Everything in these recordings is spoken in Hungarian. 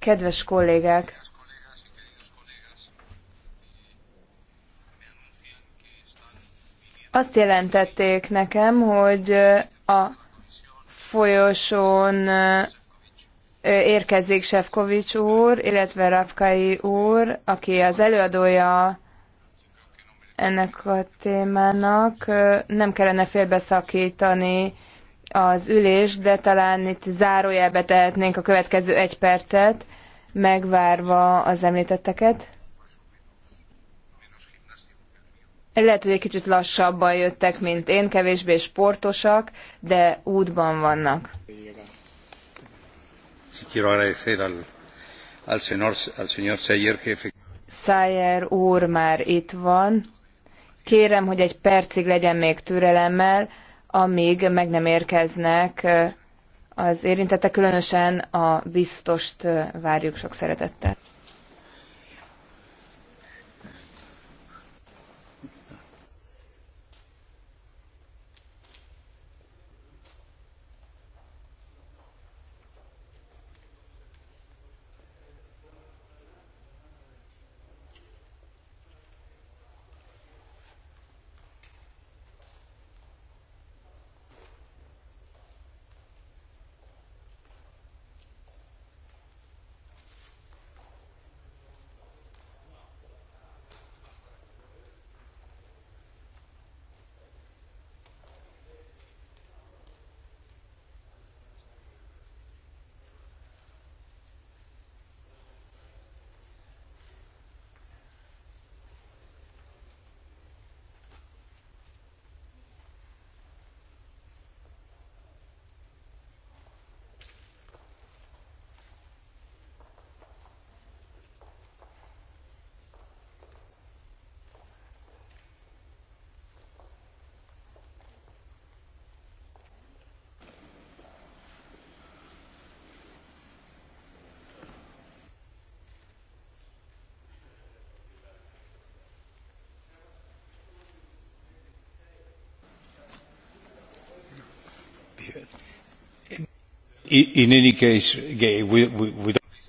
Kedves kollégák! Azt jelentették nekem, hogy a folyosón érkezik Sefkovics úr, illetve Rapkai úr, aki az előadója ennek a témának. Nem kellene félbeszakítani az ülés, de talán itt zárójelbe tehetnénk a következő egy percet, megvárva az említetteket. Lehet, hogy egy kicsit lassabban jöttek, mint én, kevésbé sportosak, de útban vannak. Szájer úr már itt van. Kérem, hogy egy percig legyen még türelemmel, amíg meg nem érkeznek az érintettek, különösen a biztost várjuk sok szeretettel.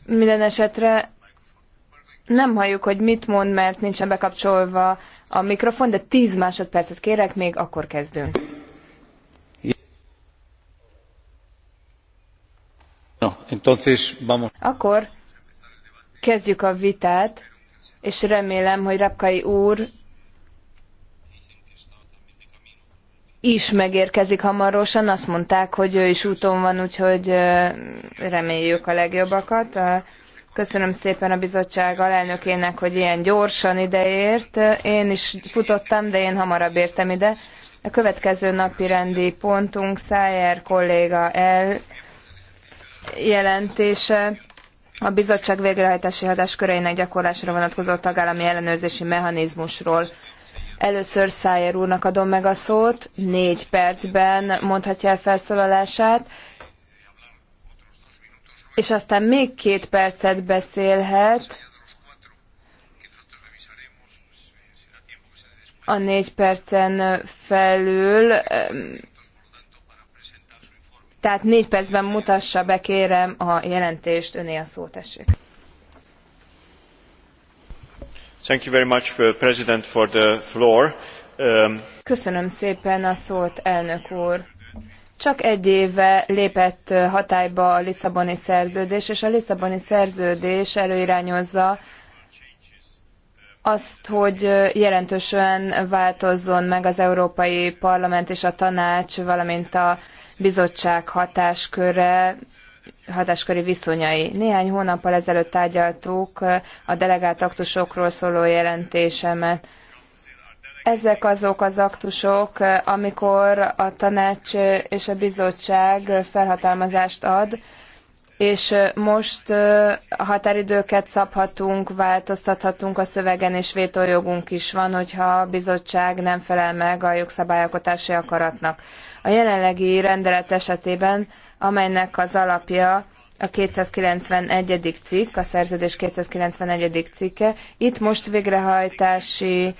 Minden esetre nem halljuk, hogy mit mond, mert nincsen bekapcsolva a mikrofon, de 10 másodpercet kérek, még akkor kezdünk. No, entonces vamos. Akkor kezdjük a vitát, és remélem, hogy Rapkai úr is megérkezik hamarosan. Azt mondták, hogy ő is úton van, úgyhogy reméljük a legjobbakat. Köszönöm szépen a bizottság alelnökének, hogy ilyen gyorsan ideért. Én is futottam, de én hamarabb értem ide. A következő napi rendi pontunk Szájer kolléga el jelentése a bizottság végrehajtási hatásköreinek gyakorlásra vonatkozó tagállami ellenőrzési mechanizmusról. Először Szájer úrnak adom meg a szót, négy percben mondhatja el felszólalását, és aztán még két percet beszélhet. A négy percen felül, tehát négy percben mutassa be, kérem, a jelentést, öné a szót, tessék. Köszönöm szépen a szót, elnök úr. Csak egy éve lépett uh, hatályba a Lisszaboni szerződés, és a Lisszaboni szerződés előirányozza azt, hogy uh, jelentősen változzon meg az Európai Parlament és a Tanács, valamint a bizottság hatásköre hatásköri viszonyai. Néhány hónappal ezelőtt tárgyaltuk a delegált aktusokról szóló jelentésemet. Ezek azok az aktusok, amikor a tanács és a bizottság felhatalmazást ad, és most a határidőket szabhatunk, változtathatunk a szövegen, és vétójogunk is van, hogyha a bizottság nem felel meg a jogszabályalkotási akaratnak. A jelenlegi rendelet esetében amelynek az alapja a 291. cikk, a szerződés 291. cikke. Itt most végrehajtási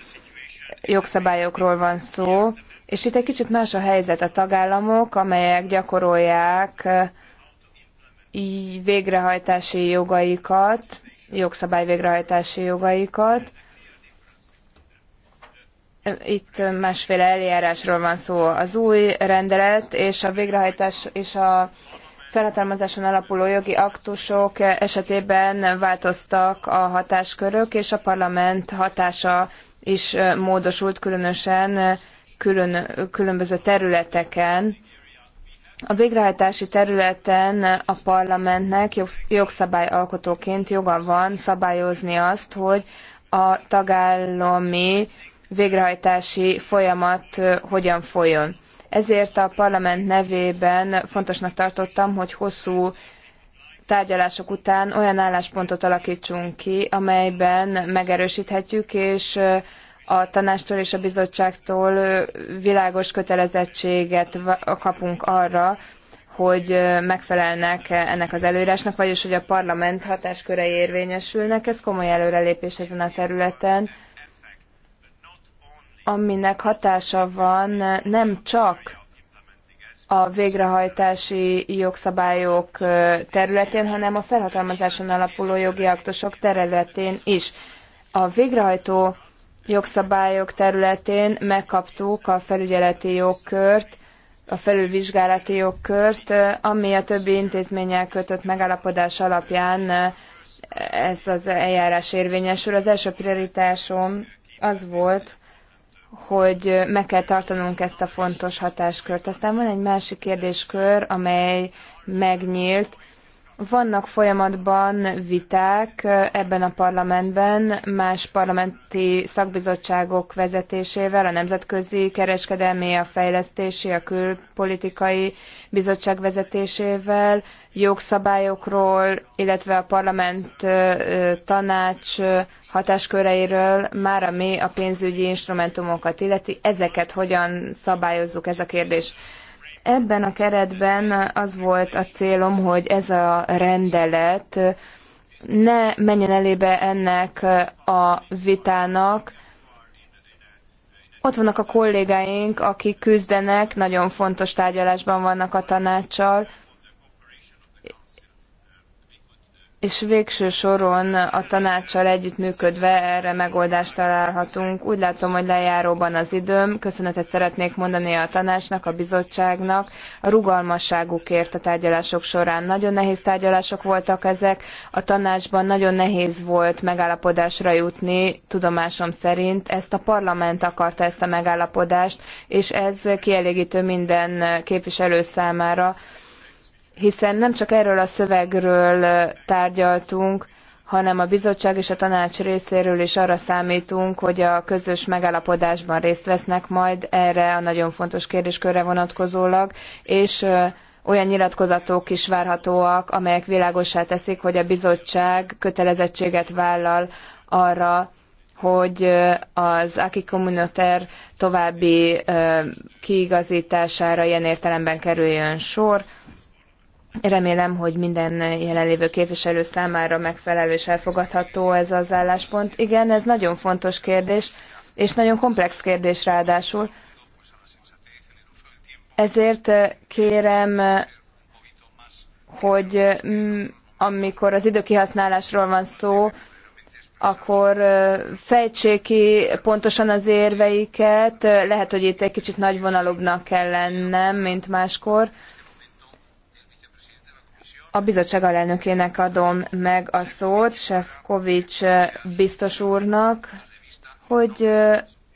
jogszabályokról van szó, és itt egy kicsit más a helyzet. A tagállamok, amelyek gyakorolják végrehajtási jogaikat, jogszabály végrehajtási jogaikat, itt másféle eljárásról van szó. Az új rendelet és a végrehajtás és a felhatalmazáson alapuló jogi aktusok esetében változtak a hatáskörök, és a parlament hatása is módosult, különösen külön, különböző területeken. A végrehajtási területen a parlamentnek jogszabályalkotóként joga van szabályozni azt, hogy a tagállami végrehajtási folyamat hogyan folyjon. Ezért a parlament nevében fontosnak tartottam, hogy hosszú tárgyalások után olyan álláspontot alakítsunk ki, amelyben megerősíthetjük, és a tanástól és a bizottságtól világos kötelezettséget kapunk arra, hogy megfelelnek ennek az előírásnak, vagyis hogy a parlament hatásköre érvényesülnek. Ez komoly előrelépés ezen a területen aminek hatása van nem csak a végrehajtási jogszabályok területén, hanem a felhatalmazáson alapuló jogi aktusok területén is. A végrehajtó jogszabályok területén megkaptuk a felügyeleti jogkört, a felülvizsgálati jogkört, ami a többi intézménnyel kötött megállapodás alapján ez az eljárás érvényesül. Az első prioritásom az volt, hogy meg kell tartanunk ezt a fontos hatáskört. Aztán van egy másik kérdéskör, amely megnyílt, vannak folyamatban viták ebben a parlamentben, más parlamenti szakbizottságok vezetésével, a Nemzetközi Kereskedelmi, a Fejlesztési, a Külpolitikai Bizottság vezetésével, jogszabályokról, illetve a parlament tanács hatásköreiről, már ami a pénzügyi instrumentumokat illeti. Ezeket hogyan szabályozzuk, ez a kérdés. Ebben a keretben az volt a célom, hogy ez a rendelet ne menjen elébe ennek a vitának. Ott vannak a kollégáink, akik küzdenek, nagyon fontos tárgyalásban vannak a tanácssal, és végső soron a tanácssal együttműködve erre megoldást találhatunk. Úgy látom, hogy lejáróban az időm. Köszönetet szeretnék mondani a tanácsnak, a bizottságnak, a rugalmasságukért a tárgyalások során. Nagyon nehéz tárgyalások voltak ezek. A tanácsban nagyon nehéz volt megállapodásra jutni, tudomásom szerint. Ezt a parlament akarta ezt a megállapodást, és ez kielégítő minden képviselő számára hiszen nem csak erről a szövegről tárgyaltunk, hanem a bizottság és a tanács részéről is arra számítunk, hogy a közös megállapodásban részt vesznek majd erre a nagyon fontos kérdéskörre vonatkozólag, és olyan nyilatkozatok is várhatóak, amelyek világossá teszik, hogy a bizottság kötelezettséget vállal arra, hogy az Aki Communautaire további kiigazítására ilyen értelemben kerüljön sor, Remélem, hogy minden jelenlévő képviselő számára megfelelő és elfogadható ez az álláspont. Igen, ez nagyon fontos kérdés, és nagyon komplex kérdés ráadásul. Ezért eh, kérem, hogy mm, amikor az időkihasználásról van szó, akkor eh, fejtsék ki pontosan az érveiket. Lehet, hogy itt egy kicsit vonalúbbnak kell lennem, mint máskor a bizottság alelnökének adom meg a szót, Sefkovics biztos úrnak, hogy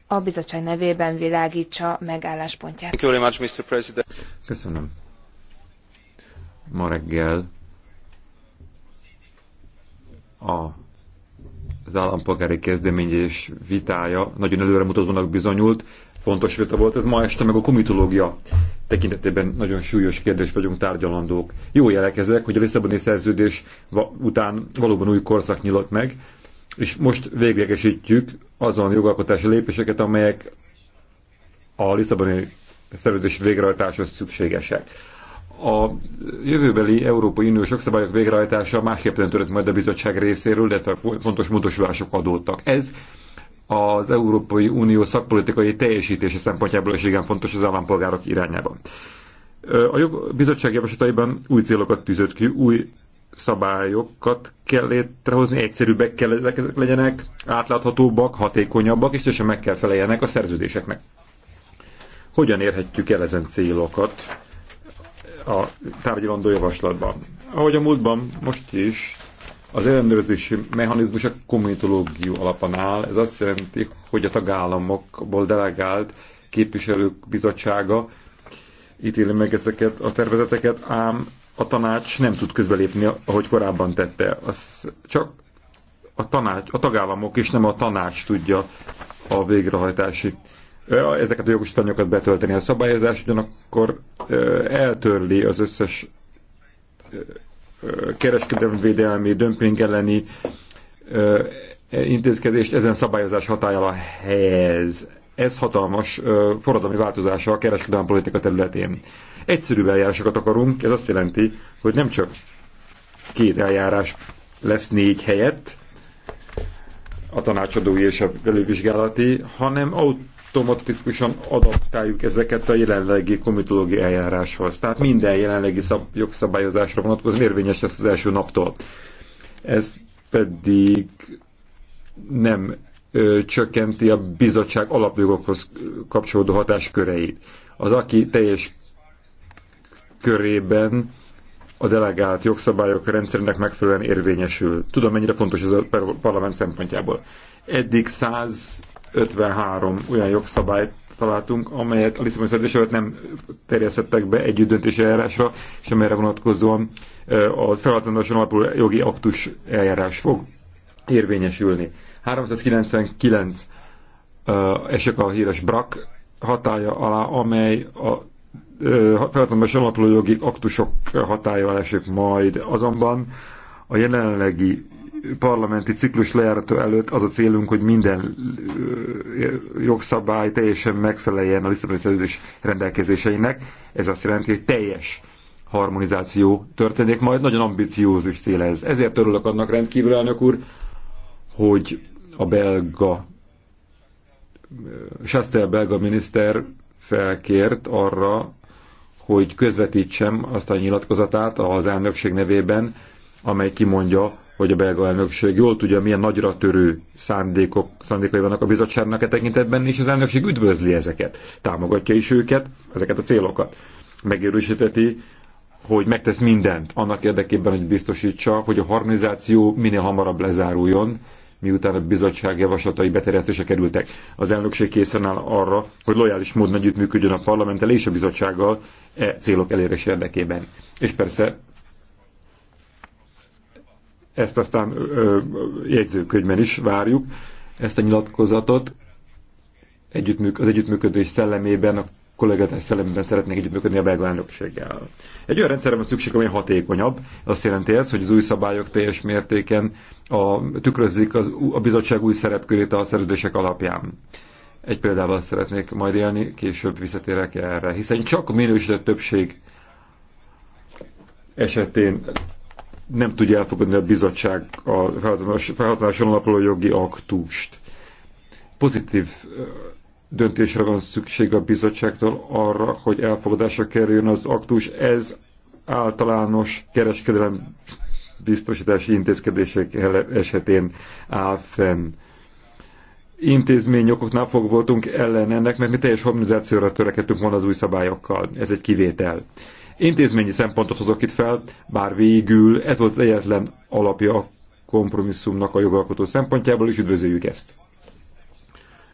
a bizottság nevében világítsa meg álláspontját. Köszönöm. Ma reggel a az állampolgári kezdeményezés vitája nagyon előremutatónak bizonyult, fontos vita volt ez ma este, meg a komitológia tekintetében nagyon súlyos kérdés vagyunk tárgyalandók. Jó jelek ezek, hogy a Lisszaboni szerződés után valóban új korszak nyilott meg, és most véglegesítjük azon jogalkotási lépéseket, amelyek a Lisszaboni szerződés végrehajtáshoz szükségesek. A jövőbeli Európai Uniós jogszabályok végrehajtása másképpen történt majd a bizottság részéről, de fontos módosulások adódtak. Ez az Európai Unió szakpolitikai teljesítése szempontjából is igen fontos az állampolgárok irányában. A bizottság javaslataiban új célokat tűzött ki, új szabályokat kell létrehozni, egyszerűbbek kell legyenek, átláthatóbbak, hatékonyabbak, és teljesen meg kell feleljenek a szerződéseknek. Hogyan érhetjük el ezen célokat a tárgyalandó javaslatban? Ahogy a múltban, most is az ellenőrzési mechanizmus a kommunitológia alapon áll. Ez azt jelenti, hogy a tagállamokból delegált képviselők bizottsága ítéli meg ezeket a tervezeteket, ám a tanács nem tud közbelépni, ahogy korábban tette. Az csak a, tanács, a tagállamok és nem a tanács tudja a végrehajtási ezeket a jogosítványokat betölteni. A szabályozás ugyanakkor eltörli az összes kereskedelmi védelmi, dömping elleni intézkedést ezen szabályozás hatájára helyez. Ez hatalmas forradalmi változása a kereskedelmi politika területén. Egyszerű eljárásokat akarunk, ez azt jelenti, hogy nem csak két eljárás lesz négy helyett, a tanácsadói és a belővizsgálati, hanem automatikusan adaptáljuk ezeket a jelenlegi komitológiai eljáráshoz. Tehát minden jelenlegi szab- jogszabályozásra vonatkozó érvényes lesz az első naptól. Ez pedig nem ö, csökkenti a bizottság alapjogokhoz kapcsolódó hatásköreit. Az, aki teljes körében a delegált jogszabályok rendszerének megfelelően érvényesül. Tudom, mennyire fontos ez a parlament szempontjából. Eddig 100 53 olyan jogszabályt találtunk, amelyet a Lisszaboni szerződés előtt nem terjesztettek be együtt döntési eljárásra, és amelyre vonatkozóan a felhatalmazáson alapuló jogi aktus eljárás fog érvényesülni. 399 esek a híres brak hatája alá, amely a felhatalmazáson alapuló jogi aktusok hatája alá esik majd. Azonban a jelenlegi parlamenti ciklus lejárata előtt az a célunk, hogy minden jogszabály teljesen megfeleljen a Lisszaboni szerződés rendelkezéseinek. Ez azt jelenti, hogy teljes harmonizáció történik majd. Nagyon ambiciózus cél ez. Ezért örülök annak rendkívül, elnök úr, hogy a belga, Chastel belga miniszter felkért arra, hogy közvetítsem azt a nyilatkozatát az elnökség nevében, amely kimondja, hogy a belga elnökség jól tudja, milyen nagyra törő szándékok, szándékai vannak a bizottságnak a e tekintetben, és az elnökség üdvözli ezeket, támogatja is őket, ezeket a célokat. Megerősíteti, hogy megtesz mindent annak érdekében, hogy biztosítsa, hogy a harmonizáció minél hamarabb lezáruljon, miután a bizottság javaslatai beterjesztése kerültek. Az elnökség készen áll arra, hogy lojális módon együttműködjön a parlamenttel és a bizottsággal e célok elérés érdekében. És persze ezt aztán ö, jegyzőkönyvben is várjuk, ezt a nyilatkozatot. Együttműk, az együttműködés szellemében, a kollégatás szellemében szeretnék együttműködni a belga elnökséggel. Egy olyan rendszerre van szükség, amely hatékonyabb. Azt jelenti ez, hogy az új szabályok teljes mértéken a, tükrözzik az, a bizottság új szerepkörét a szerződések alapján egy példával szeretnék majd élni, később visszatérek erre, hiszen csak a minősített többség esetén nem tudja elfogadni a bizottság a felhasználáson alapuló jogi aktust. Pozitív döntésre van szükség a bizottságtól arra, hogy elfogadásra kerüljön az aktus. Ez általános kereskedelem biztosítási intézkedések esetén áll fenn. Intézményokoknál fog voltunk ellen ennek, mert mi teljes harmonizációra törekedtünk volna az új szabályokkal. Ez egy kivétel. Intézményi szempontot hozok itt fel, bár végül ez volt az egyetlen alapja a kompromisszumnak a jogalkotó szempontjából, és üdvözöljük ezt.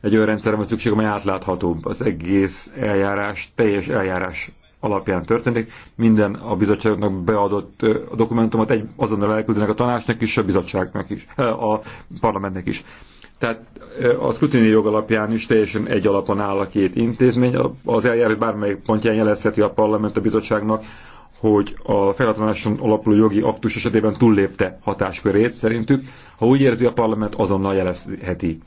Egy olyan rendszerre van szükség, amely átláthatóbb. Az egész eljárás, teljes eljárás alapján történik. Minden a bizottságnak beadott dokumentumot egy, azonnal elküldenek a tanácsnak is, a bizottságnak is, a parlamentnek is. Tehát a szkrutini jog alapján is teljesen egy alapon áll a két intézmény. Az eljárás bármelyik pontján jelezheti a parlament a bizottságnak, hogy a felhatalmáson alapuló jogi aktus esetében túllépte hatáskörét szerintük. Ha úgy érzi a parlament, azonnal jelezheti.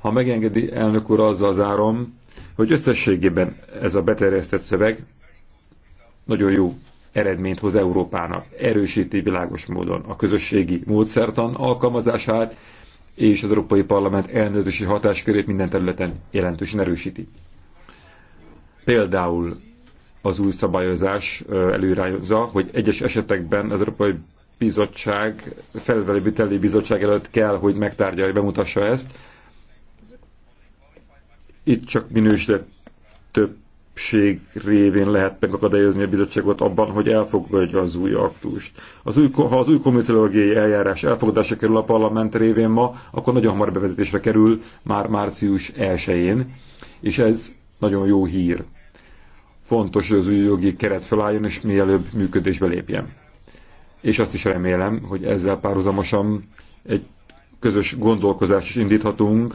Ha megengedi elnök úr, azzal zárom, hogy összességében ez a beterjesztett szöveg nagyon jó eredményt hoz Európának, erősíti világos módon a közösségi módszertan alkalmazását, és az Európai Parlament elnőzési hatáskörét minden területen jelentősen erősíti. Például az új szabályozás előirányozza, hogy egyes esetekben az Európai Bizottság, felvételi bizottság előtt kell, hogy megtárgyalja, bemutassa ezt. Itt csak minősített több többség révén lehet megakadályozni a bizottságot abban, hogy elfogadja az új aktust. Az új, ha az új komitológiai eljárás elfogadása kerül a parlament révén ma, akkor nagyon hamar bevezetésre kerül, már március 1-én, és ez nagyon jó hír. Fontos, hogy az új jogi keret felálljon, és mielőbb működésbe lépjen. És azt is remélem, hogy ezzel párhuzamosan egy közös gondolkozást is indíthatunk,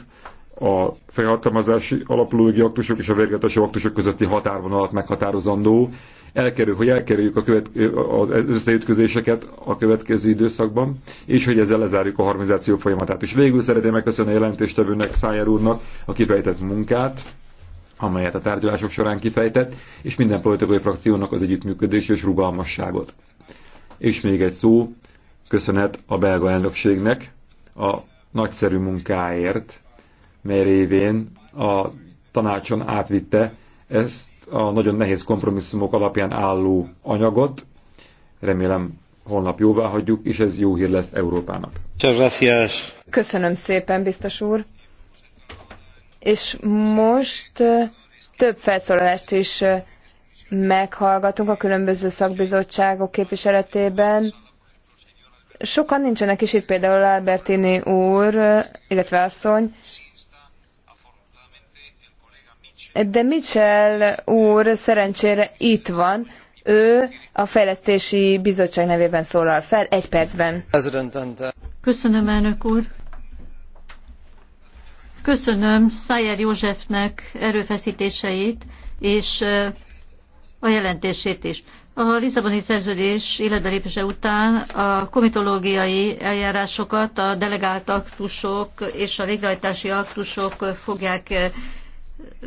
a felhatalmazási alapuló aktusok és a végletes aktusok közötti határvonalat meghatározandó. Elkerül, hogy elkerüljük a követ, az összeütközéseket a következő időszakban, és hogy ezzel lezárjuk a harmonizáció folyamatát. És végül szeretném megköszönni a jelentéstevőnek, Szájer úrnak a kifejtett munkát, amelyet a tárgyalások során kifejtett, és minden politikai frakciónak az együttműködés és rugalmasságot. És még egy szó, köszönet a belga elnökségnek a nagyszerű munkáért, mely révén a tanácson átvitte ezt a nagyon nehéz kompromisszumok alapján álló anyagot. Remélem holnap jóvá hagyjuk, és ez jó hír lesz Európának. Köszönöm szépen, biztos úr. És most több felszólalást is meghallgatunk a különböző szakbizottságok képviseletében. Sokan nincsenek is itt, például Albertini úr, illetve asszony, de Mitchell úr szerencsére itt van, ő a Fejlesztési Bizottság nevében szólal fel, egy percben. Köszönöm, elnök úr. Köszönöm Szájer Józsefnek erőfeszítéseit és a jelentését is. A Lisszaboni szerződés életbelépése után a komitológiai eljárásokat a delegált aktusok és a végrehajtási aktusok fogják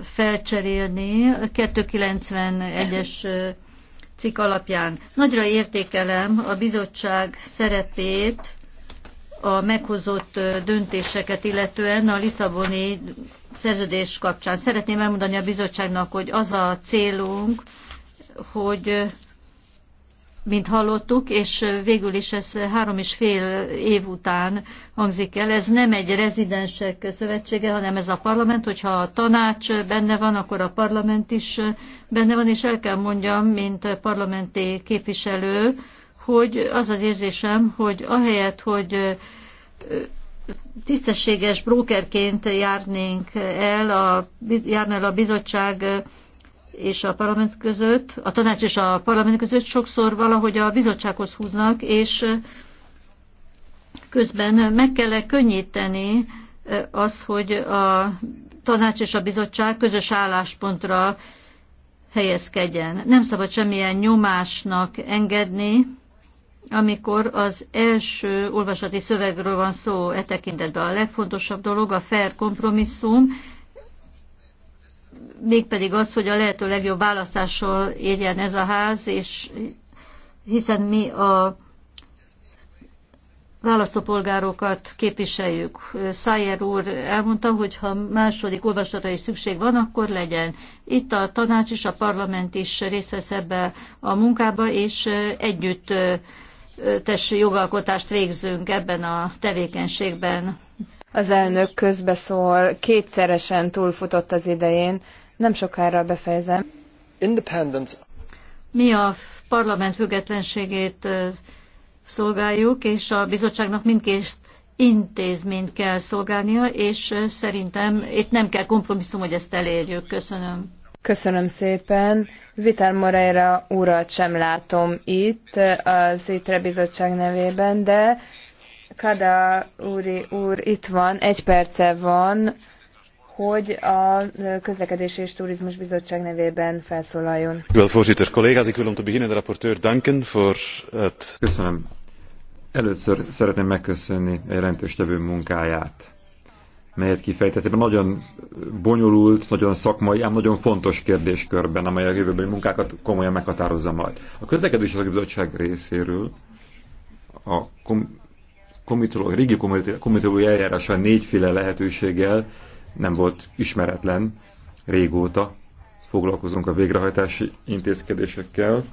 felcserélni 291-es cikk alapján. Nagyra értékelem a bizottság szerepét a meghozott döntéseket illetően a Lisszaboni szerződés kapcsán. Szeretném elmondani a bizottságnak, hogy az a célunk, hogy mint hallottuk, és végül is ez három és fél év után hangzik el. Ez nem egy rezidensek szövetsége, hanem ez a parlament, hogyha a tanács benne van, akkor a parlament is benne van, és el kell mondjam, mint parlamenti képviselő, hogy az az érzésem, hogy ahelyett, hogy tisztességes brókerként járnénk el, a, járnál a bizottság és a parlament között, a tanács és a parlament között sokszor valahogy a bizottsághoz húznak, és közben meg kell -e könnyíteni az, hogy a tanács és a bizottság közös álláspontra helyezkedjen. Nem szabad semmilyen nyomásnak engedni, amikor az első olvasati szövegről van szó e tekintetben. A legfontosabb dolog a fair kompromisszum, mégpedig az, hogy a lehető legjobb választással érjen ez a ház, és hiszen mi a választópolgárokat képviseljük. Szájer úr elmondta, hogy ha második olvasatra is szükség van, akkor legyen. Itt a tanács és a parlament is részt vesz ebbe a munkába, és együtt tess jogalkotást végzünk ebben a tevékenységben. Az elnök közbeszól, kétszeresen túlfutott az idején. Nem sokára befejezem. Mi a parlament függetlenségét szolgáljuk, és a bizottságnak mindkét intézményt kell szolgálnia, és szerintem itt nem kell kompromisszum, hogy ezt elérjük. Köszönöm. Köszönöm szépen. Vitán Moreira urat sem látom itt az ITRE bizottság nevében, de Kada úri úr itt van, egy perce van hogy a Közlekedési és Turizmus Bizottság nevében felszólaljon. Wel, voorzitter, collega's, ik wil om te beginnen de rapporteur danken voor het... Köszönöm. Először szeretném megköszönni a jelentéstevő munkáját, melyet kifejtett ebben nagyon bonyolult, nagyon szakmai, ám nagyon fontos kérdéskörben, amely a jövőbeli munkákat komolyan meghatározza majd. A Közlekedési és Bizottság részéről a kom komitológiai, régi komitológiai eljárása négyféle lehetőséggel nem volt ismeretlen régóta, foglalkozunk a végrehajtási intézkedésekkel,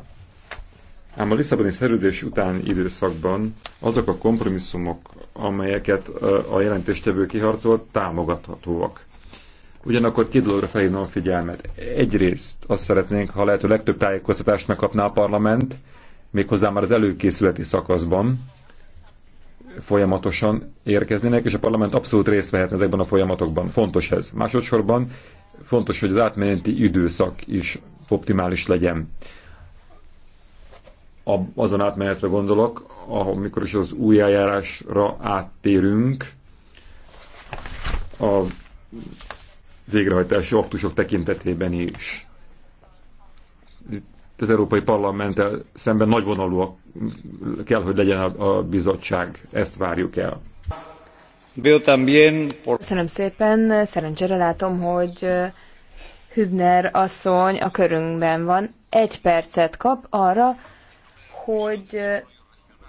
ám a Lisszaboni szerződés utáni időszakban azok a kompromisszumok, amelyeket a jelentéstevő kiharcolt, támogathatóak. Ugyanakkor két dologra felhívnom a figyelmet. Egyrészt azt szeretnénk, ha lehető legtöbb tájékoztatást megkapná a parlament, méghozzá már az előkészületi szakaszban, folyamatosan érkeznének, és a parlament abszolút részt vehetne ezekben a folyamatokban. Fontos ez. Másodszorban fontos, hogy az átmeneti időszak is optimális legyen. A, azon átmenetre gondolok, amikor is az új eljárásra áttérünk a végrehajtási aktusok tekintetében is. Itt az Európai Parlamenttel szemben nagyvonalú kell, hogy legyen a, a bizottság. Ezt várjuk el. Köszönöm szépen. Szerencsére látom, hogy Hübner asszony a körünkben van. Egy percet kap arra, hogy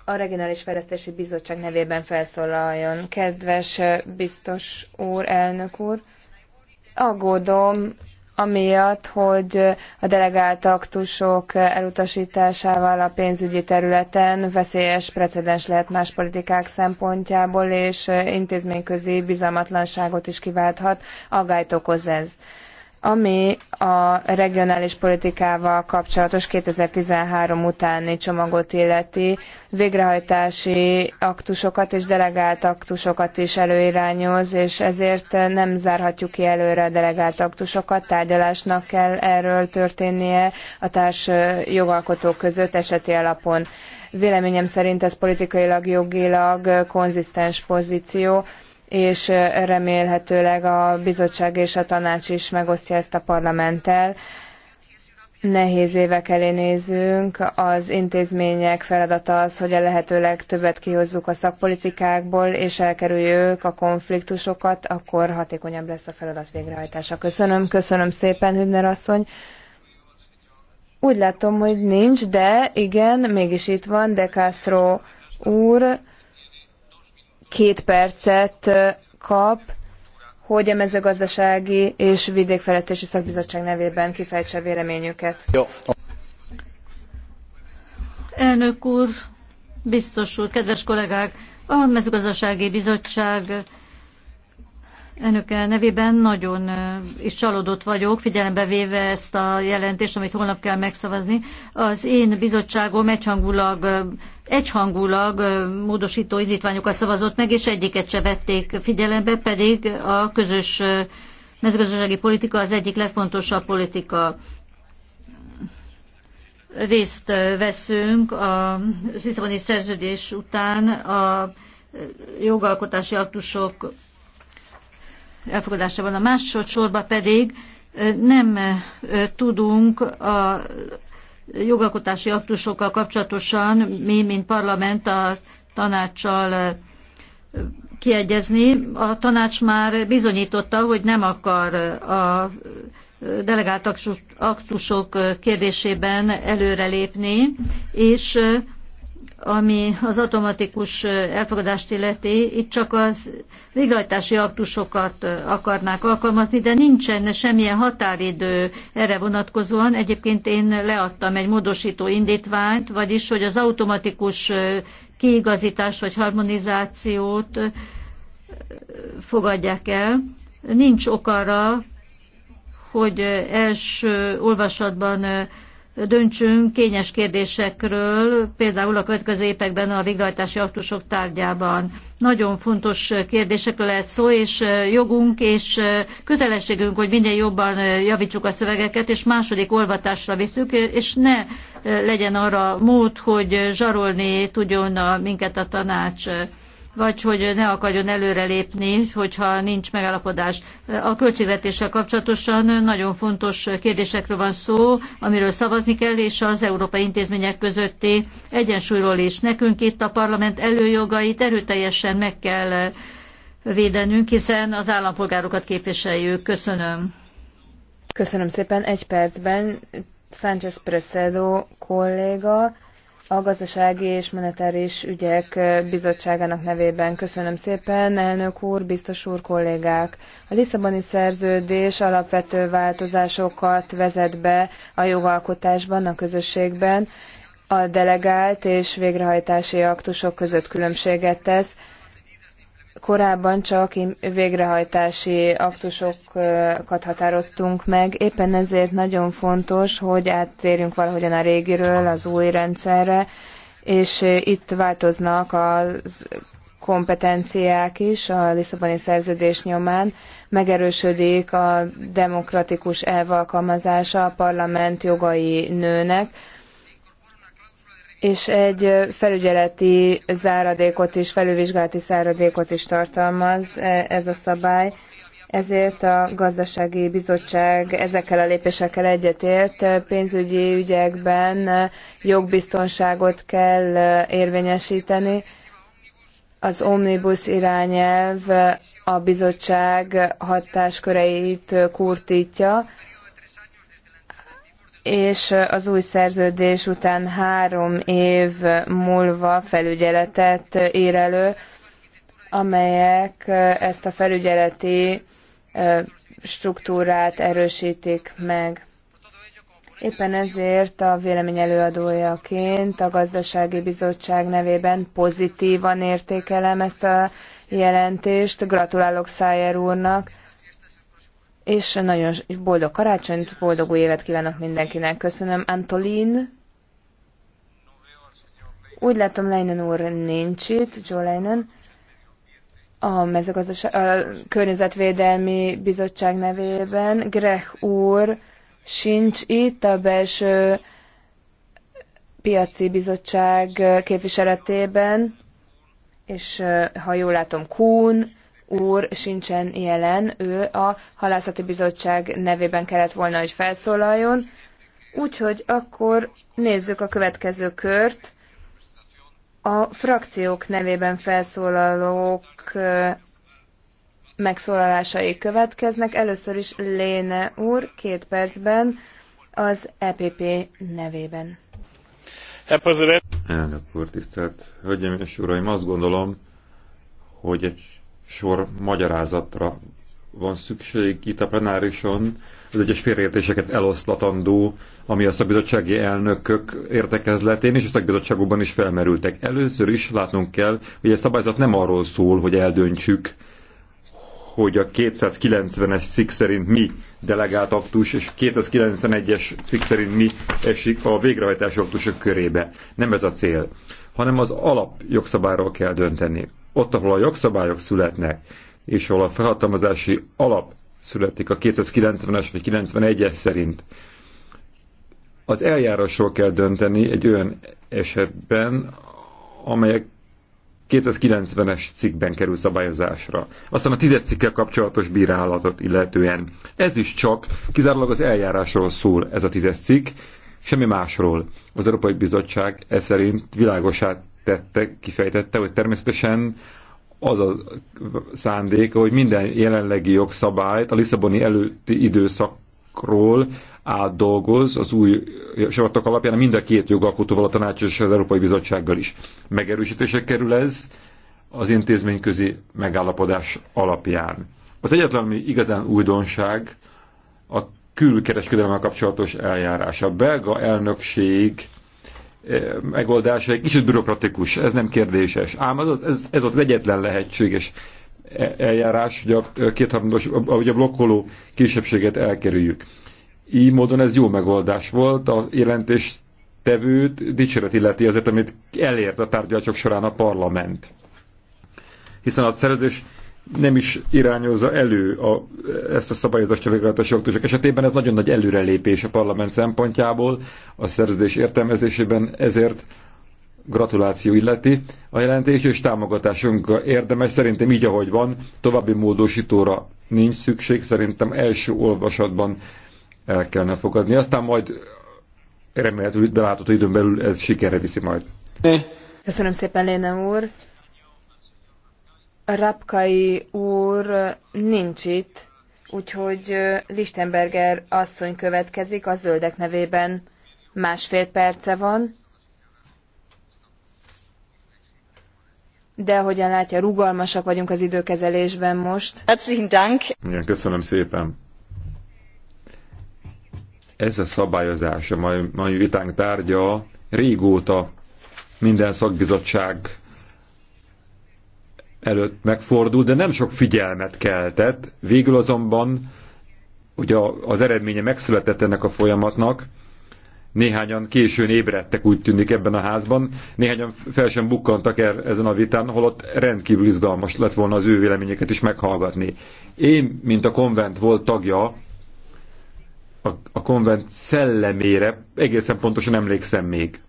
a Regionális Fejlesztési Bizottság nevében felszólaljon. Kedves biztos úr, elnök úr, aggódom amiatt, hogy a delegált aktusok elutasításával a pénzügyi területen veszélyes precedens lehet más politikák szempontjából, és intézményközi bizalmatlanságot is kiválthat, aggályt okoz ez ami a regionális politikával kapcsolatos 2013 utáni csomagot illeti, végrehajtási aktusokat és delegált aktusokat is előirányoz, és ezért nem zárhatjuk ki előre a delegált aktusokat, tárgyalásnak kell erről történnie a társ jogalkotók között eseti alapon. Véleményem szerint ez politikailag, jogilag konzisztens pozíció, és remélhetőleg a bizottság és a tanács is megosztja ezt a parlamenttel. Nehéz évek elé nézünk, az intézmények feladata az, hogy a lehető legtöbbet kihozzuk a szakpolitikákból, és elkerüljük a konfliktusokat, akkor hatékonyabb lesz a feladat végrehajtása. Köszönöm, köszönöm szépen, Hübner asszony. Úgy látom, hogy nincs, de igen, mégis itt van, de Castro úr két percet kap, hogy a mezőgazdasági és vidékfejlesztési szakbizottság nevében kifejtse véleményüket. Jó. Elnök úr, biztos úr, kedves kollégák, a mezőgazdasági bizottság Önöke nevében nagyon is csalódott vagyok, figyelembe véve ezt a jelentést, amit holnap kell megszavazni. Az én bizottságom egyhangulag egyhangulag módosító indítványokat szavazott meg, és egyiket se vették figyelembe, pedig a közös mezőgazdasági politika az egyik legfontosabb politika. Részt veszünk a Lisszaboni szerződés után a jogalkotási aktusok elfogadásában. A másodszorban pedig nem tudunk a jogalkotási aktusokkal kapcsolatosan mi, mint parlament a tanácssal kiegyezni. A tanács már bizonyította, hogy nem akar a delegált aktusok kérdésében előrelépni, és ami az automatikus elfogadást illeti, itt csak az végrehajtási aktusokat akarnák alkalmazni, de nincsen semmilyen határidő erre vonatkozóan. Egyébként én leadtam egy módosító indítványt, vagyis hogy az automatikus kiigazítás vagy harmonizációt fogadják el. Nincs ok arra, hogy első olvasatban döntsünk kényes kérdésekről, például a következő években a végrehajtási aktusok tárgyában. Nagyon fontos kérdésekről lehet szó, és jogunk és kötelességünk, hogy minden jobban javítsuk a szövegeket, és második olvatásra viszük, és ne legyen arra mód, hogy zsarolni tudjon a, minket a tanács vagy hogy ne akarjon előrelépni, hogyha nincs megállapodás. A költségvetéssel kapcsolatosan nagyon fontos kérdésekről van szó, amiről szavazni kell, és az európai intézmények közötti egyensúlyról is. Nekünk itt a parlament előjogait erőteljesen meg kell védenünk, hiszen az állampolgárokat képviseljük. Köszönöm. Köszönöm szépen. Egy percben Sánchez Presedo kolléga a Gazdasági és Monetáris Ügyek Bizottságának nevében. Köszönöm szépen, elnök úr, biztos úr, kollégák! A Lisszaboni szerződés alapvető változásokat vezet be a jogalkotásban, a közösségben, a delegált és végrehajtási aktusok között különbséget tesz, korábban csak végrehajtási aktusokat határoztunk meg, éppen ezért nagyon fontos, hogy áttérjünk valahogyan a régiről az új rendszerre, és itt változnak a kompetenciák is a Lisszaboni szerződés nyomán, megerősödik a demokratikus elv alkalmazása, a parlament jogai nőnek, és egy felügyeleti záradékot is, felülvizsgálati záradékot is tartalmaz ez a szabály. Ezért a gazdasági bizottság ezekkel a lépésekkel egyetért. Pénzügyi ügyekben jogbiztonságot kell érvényesíteni. Az omnibus irányelv a bizottság hatásköreit kurtítja, és az új szerződés után három év múlva felügyeletet ír elő, amelyek ezt a felügyeleti struktúrát erősítik meg. Éppen ezért a vélemény előadójaként a gazdasági bizottság nevében pozitívan értékelem ezt a jelentést. Gratulálok Szájer úrnak és nagyon boldog karácsonyt, boldog új évet kívánok mindenkinek. Köszönöm. Antolin. Úgy látom, Leinen úr nincs itt, Joe Leinen. A, mezőgazdaság, a Környezetvédelmi Bizottság nevében Greh úr sincs itt, a belső piaci bizottság képviseletében, és eh, ha jól látom, Kuhn, úr sincsen jelen, ő a halászati bizottság nevében kellett volna, hogy felszólaljon. Úgyhogy akkor nézzük a következő kört. A frakciók nevében felszólalók megszólalásai következnek. Először is Léne úr két percben az EPP nevében. Elnök úr, tisztelt Hölgyeim és Uraim, azt gondolom, hogy egy sor magyarázatra van szükség itt a plenárison, az egyes félreértéseket eloszlatandó, ami a szakbizottsági elnökök értekezletén és a szakbizottságokban is felmerültek. Először is látnunk kell, hogy a szabályzat nem arról szól, hogy eldöntsük, hogy a 290-es cikk szerint mi delegált aktus, és 291-es cikk szerint mi esik a végrehajtási aktusok körébe. Nem ez a cél, hanem az alapjogszabályról kell dönteni ott, ahol a jogszabályok születnek, és ahol a felhatalmazási alap születik a 290-es vagy 91-es szerint, az eljárásról kell dönteni egy olyan esetben, amelyek 290-es cikkben kerül szabályozásra. Aztán a tízes cikkel kapcsolatos bírálatot illetően. Ez is csak kizárólag az eljárásról szól ez a tízes cikk, semmi másról. Az Európai Bizottság e szerint világosát tette, kifejtette, hogy természetesen az a szándék, hogy minden jelenlegi jogszabályt a Lisszaboni előtti időszakról átdolgoz az új javaslatok alapján mind a két jogalkotóval, a tanács és az Európai Bizottsággal is. megerősítése kerül ez az intézményközi megállapodás alapján. Az egyetlen, ami igazán újdonság, a külkereskedelemmel kapcsolatos eljárás. A belga elnökség megoldása egy kicsit bürokratikus, ez nem kérdéses. Ám az, ez, ez az egyetlen lehetséges e, eljárás, hogy a kétharmados, hogy a blokkoló kisebbséget elkerüljük. Így módon ez jó megoldás volt, a jelentés tevőt dicséret illeti azért, amit elért a tárgyalások során a parlament. Hiszen a szerződés nem is irányozza elő a, ezt a a végrehajtási aktusok esetében. Ez nagyon nagy előrelépés a parlament szempontjából, a szerződés értelmezésében, ezért gratuláció illeti a jelentés, és támogatásunk érdemes. Szerintem így, ahogy van, további módosítóra nincs szükség, szerintem első olvasatban el kellene fogadni. Aztán majd remélhetőleg belátható időn belül ez sikerre viszi majd. Köszönöm szépen, Léna úr. Rapkai úr nincs itt, úgyhogy Lichtenberger asszony következik a zöldek nevében. Másfél perce van. De ahogyan látja, rugalmasak vagyunk az időkezelésben most. Herzlichen Dank. Igen, köszönöm szépen. Ez a szabályozás, a mai, mai vitánk tárgya régóta minden szakbizottság előtt megfordult, de nem sok figyelmet keltett. Végül azonban ugye az eredménye megszületett ennek a folyamatnak, néhányan későn ébredtek, úgy tűnik ebben a házban, néhányan fel sem bukkantak el er, ezen a vitán, holott rendkívül izgalmas lett volna az ő véleményeket is meghallgatni. Én, mint a konvent volt tagja, a, a konvent szellemére egészen pontosan emlékszem még,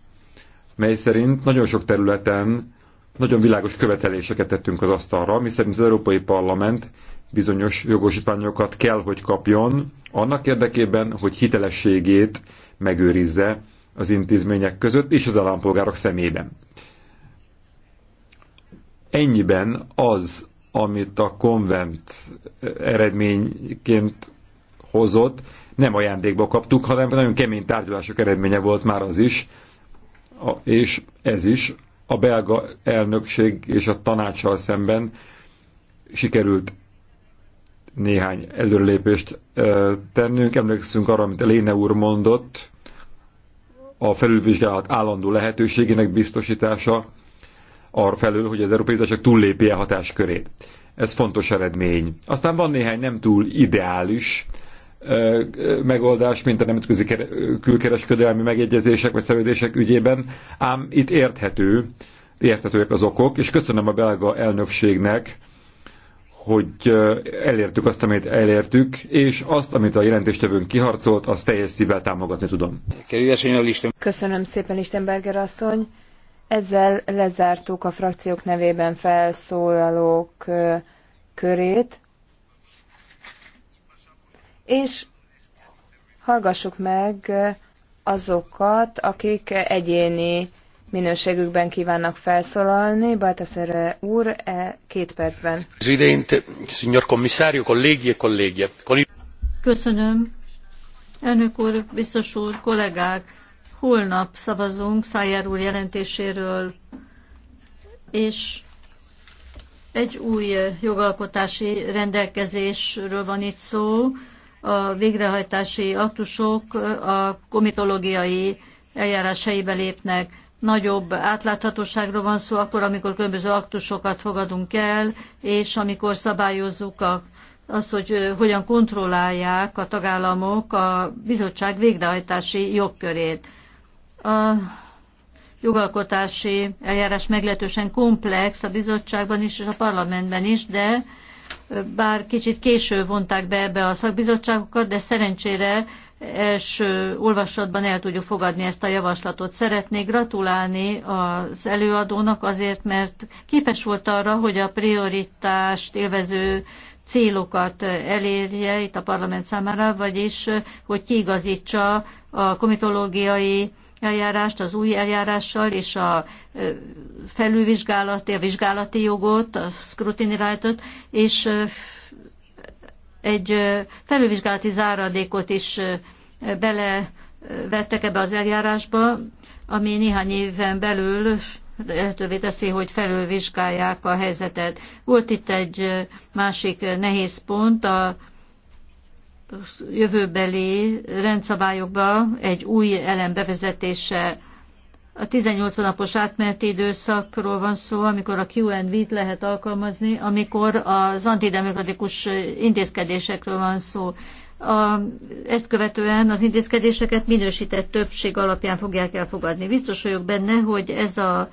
mely szerint nagyon sok területen nagyon világos követeléseket tettünk az asztalra, mi szerint az Európai Parlament bizonyos jogosítványokat kell, hogy kapjon, annak érdekében, hogy hitelességét megőrizze az intézmények között és az állampolgárok szemében. Ennyiben az, amit a konvent eredményként hozott, nem ajándékba kaptuk, hanem nagyon kemény tárgyalások eredménye volt már az is, és ez is a belga elnökség és a tanácssal szemben sikerült néhány előrelépést tennünk. Emlékszünk arra, amit Léne úr mondott, a felülvizsgálat állandó lehetőségének biztosítása arra felül, hogy az európai bizottság túllépje a hatáskörét. Ez fontos eredmény. Aztán van néhány nem túl ideális megoldás, mint a nemzetközi külkereskedelmi megegyezések vagy szerződések ügyében, ám itt érthető, érthetőek az okok, és köszönöm a belga elnökségnek, hogy elértük azt, amit elértük, és azt, amit a jelentéstevőnk kiharcolt, azt teljes szívvel támogatni tudom. Köszönöm szépen, Istenberger asszony. Ezzel lezártuk a frakciók nevében felszólalók körét és hallgassuk meg azokat, akik egyéni minőségükben kívánnak felszólalni. Baltasar úr, e két percben. signor e Köszönöm. Elnök úr, biztos úr, kollégák, holnap szavazunk Szájár úr jelentéséről, és egy új jogalkotási rendelkezésről van itt szó, a végrehajtási aktusok a komitológiai eljárásaibe lépnek. Nagyobb átláthatóságra van szó akkor, amikor különböző aktusokat fogadunk el, és amikor szabályozzuk a, azt, hogy hogyan kontrollálják a tagállamok a bizottság végrehajtási jogkörét. A jogalkotási eljárás meglehetősen komplex a bizottságban is és a parlamentben is, de bár kicsit késő vonták be ebbe a szakbizottságokat, de szerencsére első olvasatban el tudjuk fogadni ezt a javaslatot. Szeretnék gratulálni az előadónak azért, mert képes volt arra, hogy a prioritást élvező célokat elérje itt a parlament számára, vagyis hogy kiigazítsa a komitológiai eljárást az új eljárással, és a felülvizsgálati, a vizsgálati jogot, a scrutiny rightot, és egy felülvizsgálati záradékot is bele vettek ebbe az eljárásba, ami néhány éven belül lehetővé teszi, hogy felülvizsgálják a helyzetet. Volt itt egy másik nehéz pont, a jövőbeli rendszabályokba egy új elem bevezetése. A 18 napos átmeneti időszakról van szó, amikor a QNV-t lehet alkalmazni, amikor az antidemokratikus intézkedésekről van szó. A, ezt követően az intézkedéseket minősített többség alapján fogják elfogadni. Biztos vagyok benne, hogy ez a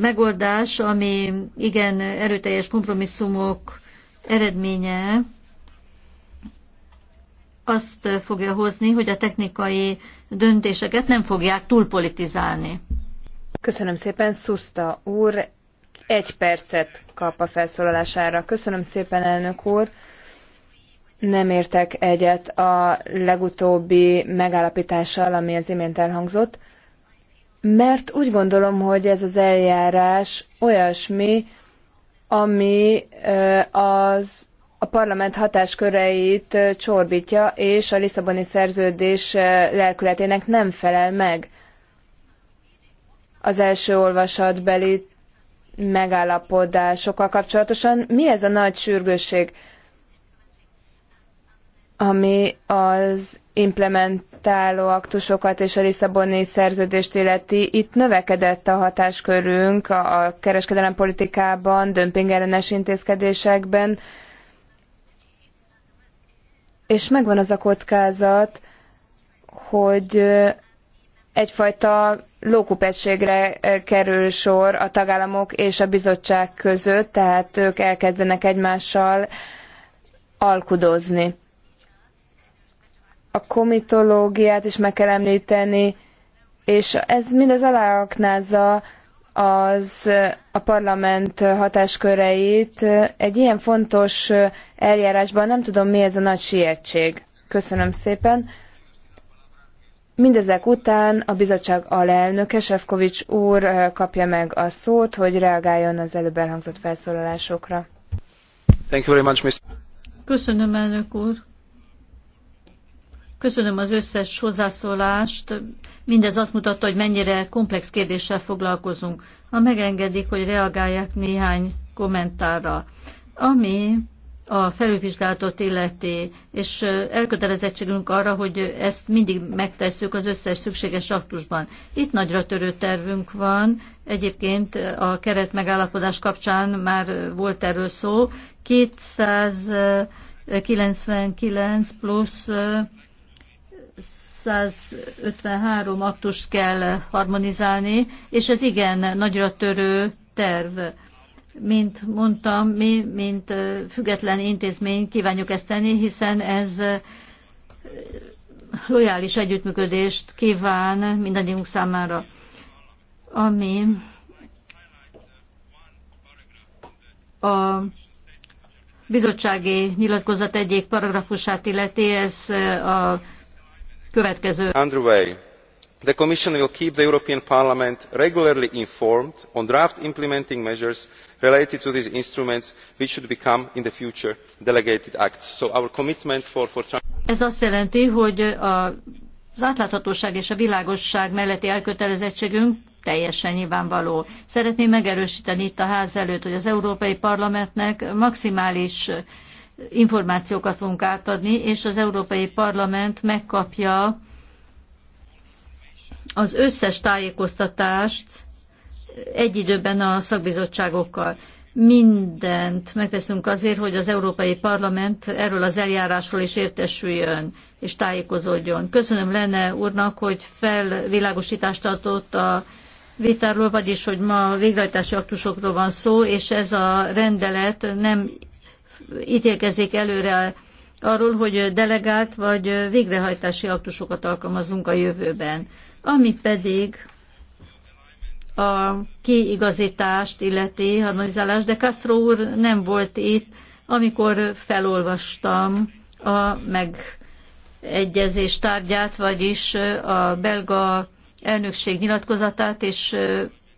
megoldás, ami igen erőteljes kompromisszumok eredménye, azt fogja hozni, hogy a technikai döntéseket nem fogják túlpolitizálni. Köszönöm szépen, Szuszta úr. Egy percet kap a felszólalására. Köszönöm szépen, elnök úr. Nem értek egyet a legutóbbi megállapítással, ami az imént elhangzott, mert úgy gondolom, hogy ez az eljárás olyasmi, ami az a parlament hatásköreit csorbítja, és a Lisszaboni szerződés lelkületének nem felel meg. Az első olvasatbeli megállapodásokkal kapcsolatosan mi ez a nagy sürgősség, ami az implementáló aktusokat és a Lisszaboni szerződést illeti. Itt növekedett a hatáskörünk a kereskedelem politikában, dömpingellenes intézkedésekben, és megvan az a kockázat, hogy egyfajta lókupességre kerül sor a tagállamok és a bizottság között, tehát ők elkezdenek egymással alkudozni. A komitológiát is meg kell említeni, és ez mindez aláaknázza az a parlament hatásköreit. Egy ilyen fontos eljárásban nem tudom, mi ez a nagy sietség. Köszönöm szépen. Mindezek után a bizottság alelnöke, Sefkovics úr kapja meg a szót, hogy reagáljon az előbb elhangzott felszólalásokra. Thank you very much, Köszönöm, elnök úr. Köszönöm az összes hozzászólást. Mindez azt mutatta, hogy mennyire komplex kérdéssel foglalkozunk. Ha megengedik, hogy reagálják néhány kommentára. Ami a felülvizsgálatot illeti, és elkötelezettségünk arra, hogy ezt mindig megtesszük az összes szükséges aktusban. Itt nagyra törő tervünk van, egyébként a keret megállapodás kapcsán már volt erről szó, 299 plusz 153 aktust kell harmonizálni, és ez igen nagyra törő terv. Mint mondtam, mi, mint független intézmény kívánjuk ezt tenni, hiszen ez lojális együttműködést kíván mindannyiunk számára. Ami a bizottsági nyilatkozat egyik paragrafusát illeti, ez a következő. underway the commission will keep the european parliament regularly informed on draft implementing measures related to these instruments which should become in the future delegated acts. so our commitment for, for ez azt jelenti, hogy a, az átláthatóság és a világosság melletti elkötelezettségünk teljesen nyilvánvaló. Szeretném megerősíteni itt a ház előtt, hogy az Európai Parlamentnek maximális információkat fogunk átadni, és az Európai Parlament megkapja az összes tájékoztatást egy időben a szakbizottságokkal. Mindent megteszünk azért, hogy az Európai Parlament erről az eljárásról is értesüljön és tájékozódjon. Köszönöm Lenne úrnak, hogy felvilágosítást adott a vitáról, vagyis hogy ma végrehajtási aktusokról van szó, és ez a rendelet nem ítélkezik előre arról, hogy delegált vagy végrehajtási aktusokat alkalmazunk a jövőben. Ami pedig a kiigazítást illeti harmonizálást, de Castro úr nem volt itt, amikor felolvastam a megegyezés tárgyát, vagyis a belga elnökség nyilatkozatát, és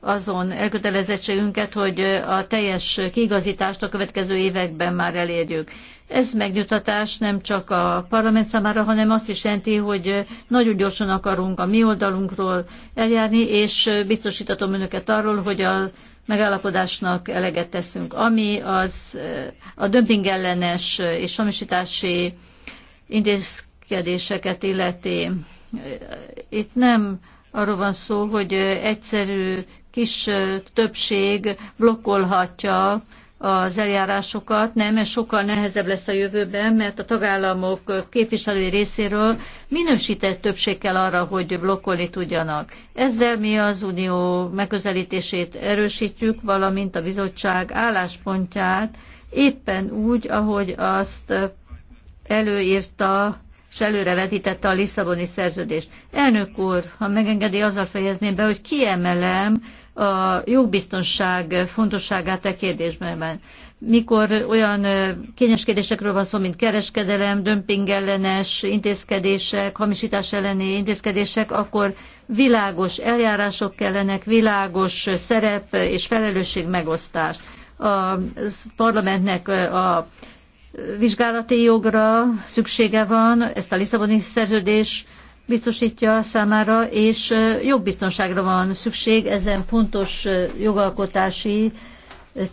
azon elkötelezettségünket, hogy a teljes kiigazítást a következő években már elérjük. Ez megnyugtatás nem csak a parlament számára, hanem azt is jelenti, hogy nagyon gyorsan akarunk a mi oldalunkról eljárni, és biztosítatom önöket arról, hogy a megállapodásnak eleget teszünk. Ami az a dömping ellenes és hamisítási intézkedéseket illeti, itt nem arról van szó, hogy egyszerű kis többség blokkolhatja az eljárásokat, nem, mert sokkal nehezebb lesz a jövőben, mert a tagállamok képviselői részéről minősített többség kell arra, hogy blokkolni tudjanak. Ezzel mi az unió megközelítését erősítjük, valamint a bizottság álláspontját, éppen úgy, ahogy azt előírta és előrevetítette a Lisszaboni szerződést. Elnök úr, ha megengedi, azzal fejezném be, hogy kiemelem a jogbiztonság fontosságát a e kérdésben. Mikor olyan kényes kérdésekről van szó, mint kereskedelem, dömping ellenes intézkedések, hamisítás elleni intézkedések, akkor világos eljárások kellenek, világos szerep és felelősség megosztás. A parlamentnek a vizsgálati jogra szüksége van, ezt a Lisszaboni szerződés biztosítja számára, és jogbiztonságra van szükség ezen fontos jogalkotási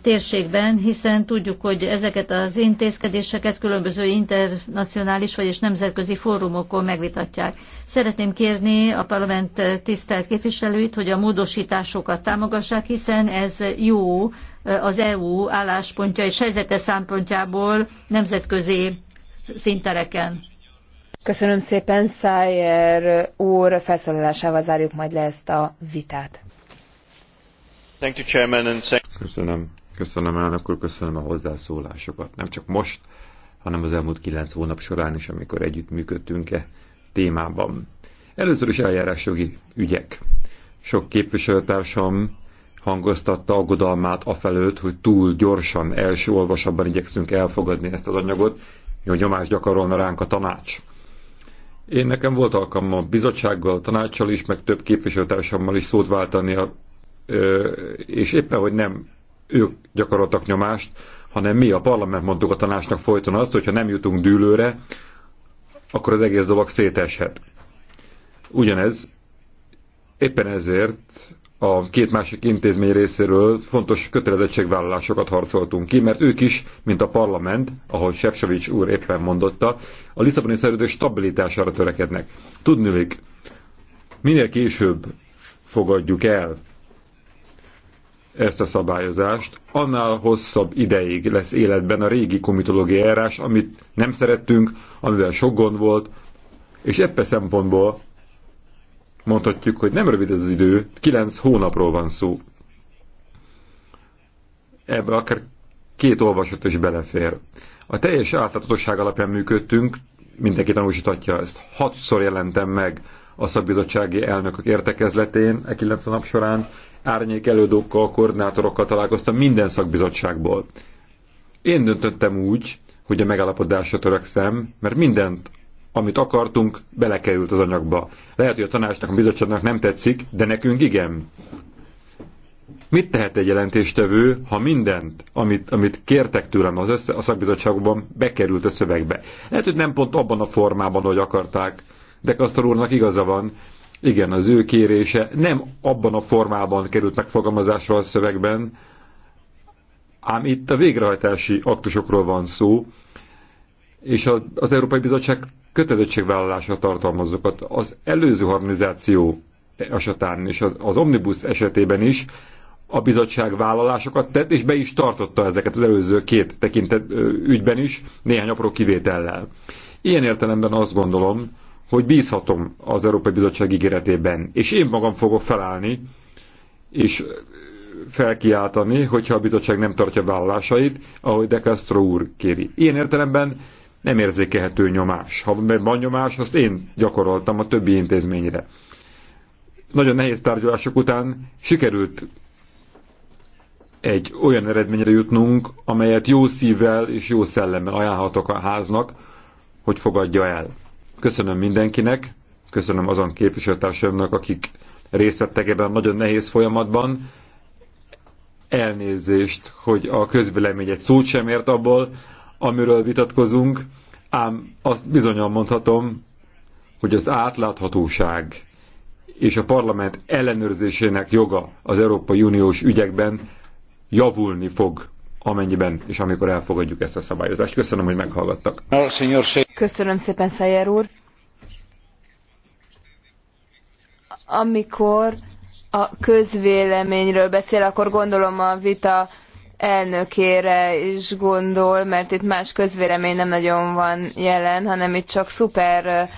térségben, hiszen tudjuk, hogy ezeket az intézkedéseket különböző internacionális, vagyis nemzetközi fórumokon megvitatják. Szeretném kérni a parlament tisztelt képviselőit, hogy a módosításokat támogassák, hiszen ez jó az EU álláspontja és helyzete szempontjából nemzetközi szintereken. Köszönöm szépen, Szájer úr felszólalásával zárjuk majd le ezt a vitát. Köszönöm. Köszönöm elnök úr, köszönöm a hozzászólásokat. Nem csak most, hanem az elmúlt kilenc hónap során is, amikor együtt működtünk-e témában. Először is eljárásjogi ügyek. Sok képviselőtársam hangoztatta aggodalmát afelőtt, hogy túl gyorsan, első olvasatban igyekszünk elfogadni ezt az anyagot, hogy nyomást gyakorolna ránk a tanács. Én nekem volt alkalmam a bizottsággal, a tanácssal is, meg több képviselőtársammal is szót váltani, a, ö, és éppen, hogy nem ők gyakoroltak nyomást, hanem mi a parlament mondtuk a tanácsnak folyton azt, hogyha nem jutunk dűlőre, akkor az egész dolog széteshet. Ugyanez, éppen ezért a két másik intézmény részéről fontos kötelezettségvállalásokat harcoltunk ki, mert ők is, mint a parlament, ahogy Sefcovics úr éppen mondotta, a Lisszaboni szerződés stabilitására törekednek. Tudnilik, minél később fogadjuk el ezt a szabályozást, annál hosszabb ideig lesz életben a régi komitológiai eljárás, amit nem szerettünk, amivel sok gond volt, és ebben szempontból mondhatjuk, hogy nem rövid ez az idő, kilenc hónapról van szó. Ebbe akár két olvasat is belefér. A teljes átláthatóság alapján működtünk, mindenki tanúsítatja ezt. Hatszor jelentem meg a szakbizottsági elnökök értekezletén, e kilenc nap során árnyék elődókkal, koordinátorokkal találkoztam minden szakbizottságból. Én döntöttem úgy, hogy a megállapodásra törekszem, mert mindent amit akartunk, belekerült az anyagba. Lehet, hogy a tanácsnak, a bizottságnak nem tetszik, de nekünk igen. Mit tehet egy jelentéstevő, ha mindent, amit, amit kértek tőlem az össze, a szakbizottságokban, bekerült a szövegbe? Lehet, hogy nem pont abban a formában, hogy akarták, de Kasztor úrnak igaza van, igen, az ő kérése nem abban a formában került megfogalmazásra a szövegben, ám itt a végrehajtási aktusokról van szó, és az Európai Bizottság kötelezettségvállalásra tartalmazókat Az előző harmonizáció esetén és az, az Omnibus esetében is a bizottság vállalásokat tett, és be is tartotta ezeket az előző két tekintet ügyben is, néhány apró kivétellel. Ilyen értelemben azt gondolom, hogy bízhatom az Európai Bizottság ígéretében, és én magam fogok felállni, és felkiáltani, hogyha a bizottság nem tartja vállalásait, ahogy De Castro úr kéri. Ilyen értelemben nem érzékelhető nyomás. Ha van nyomás, azt én gyakoroltam a többi intézményre. Nagyon nehéz tárgyalások után sikerült egy olyan eredményre jutnunk, amelyet jó szívvel és jó szellemmel ajánlhatok a háznak, hogy fogadja el. Köszönöm mindenkinek, köszönöm azon képviselőtársaimnak, akik részt vettek ebben a nagyon nehéz folyamatban. Elnézést, hogy a közvélemény egy szót sem ért abból, amiről vitatkozunk, ám azt bizonyan mondhatom, hogy az átláthatóság és a parlament ellenőrzésének joga az Európai Uniós ügyekben javulni fog, amennyiben és amikor elfogadjuk ezt a szabályozást. Köszönöm, hogy meghallgattak. Köszönöm szépen, Szájer úr. Amikor a közvéleményről beszél, akkor gondolom a vita elnökére is gondol, mert itt más közvélemény nem nagyon van jelen, hanem itt csak szuper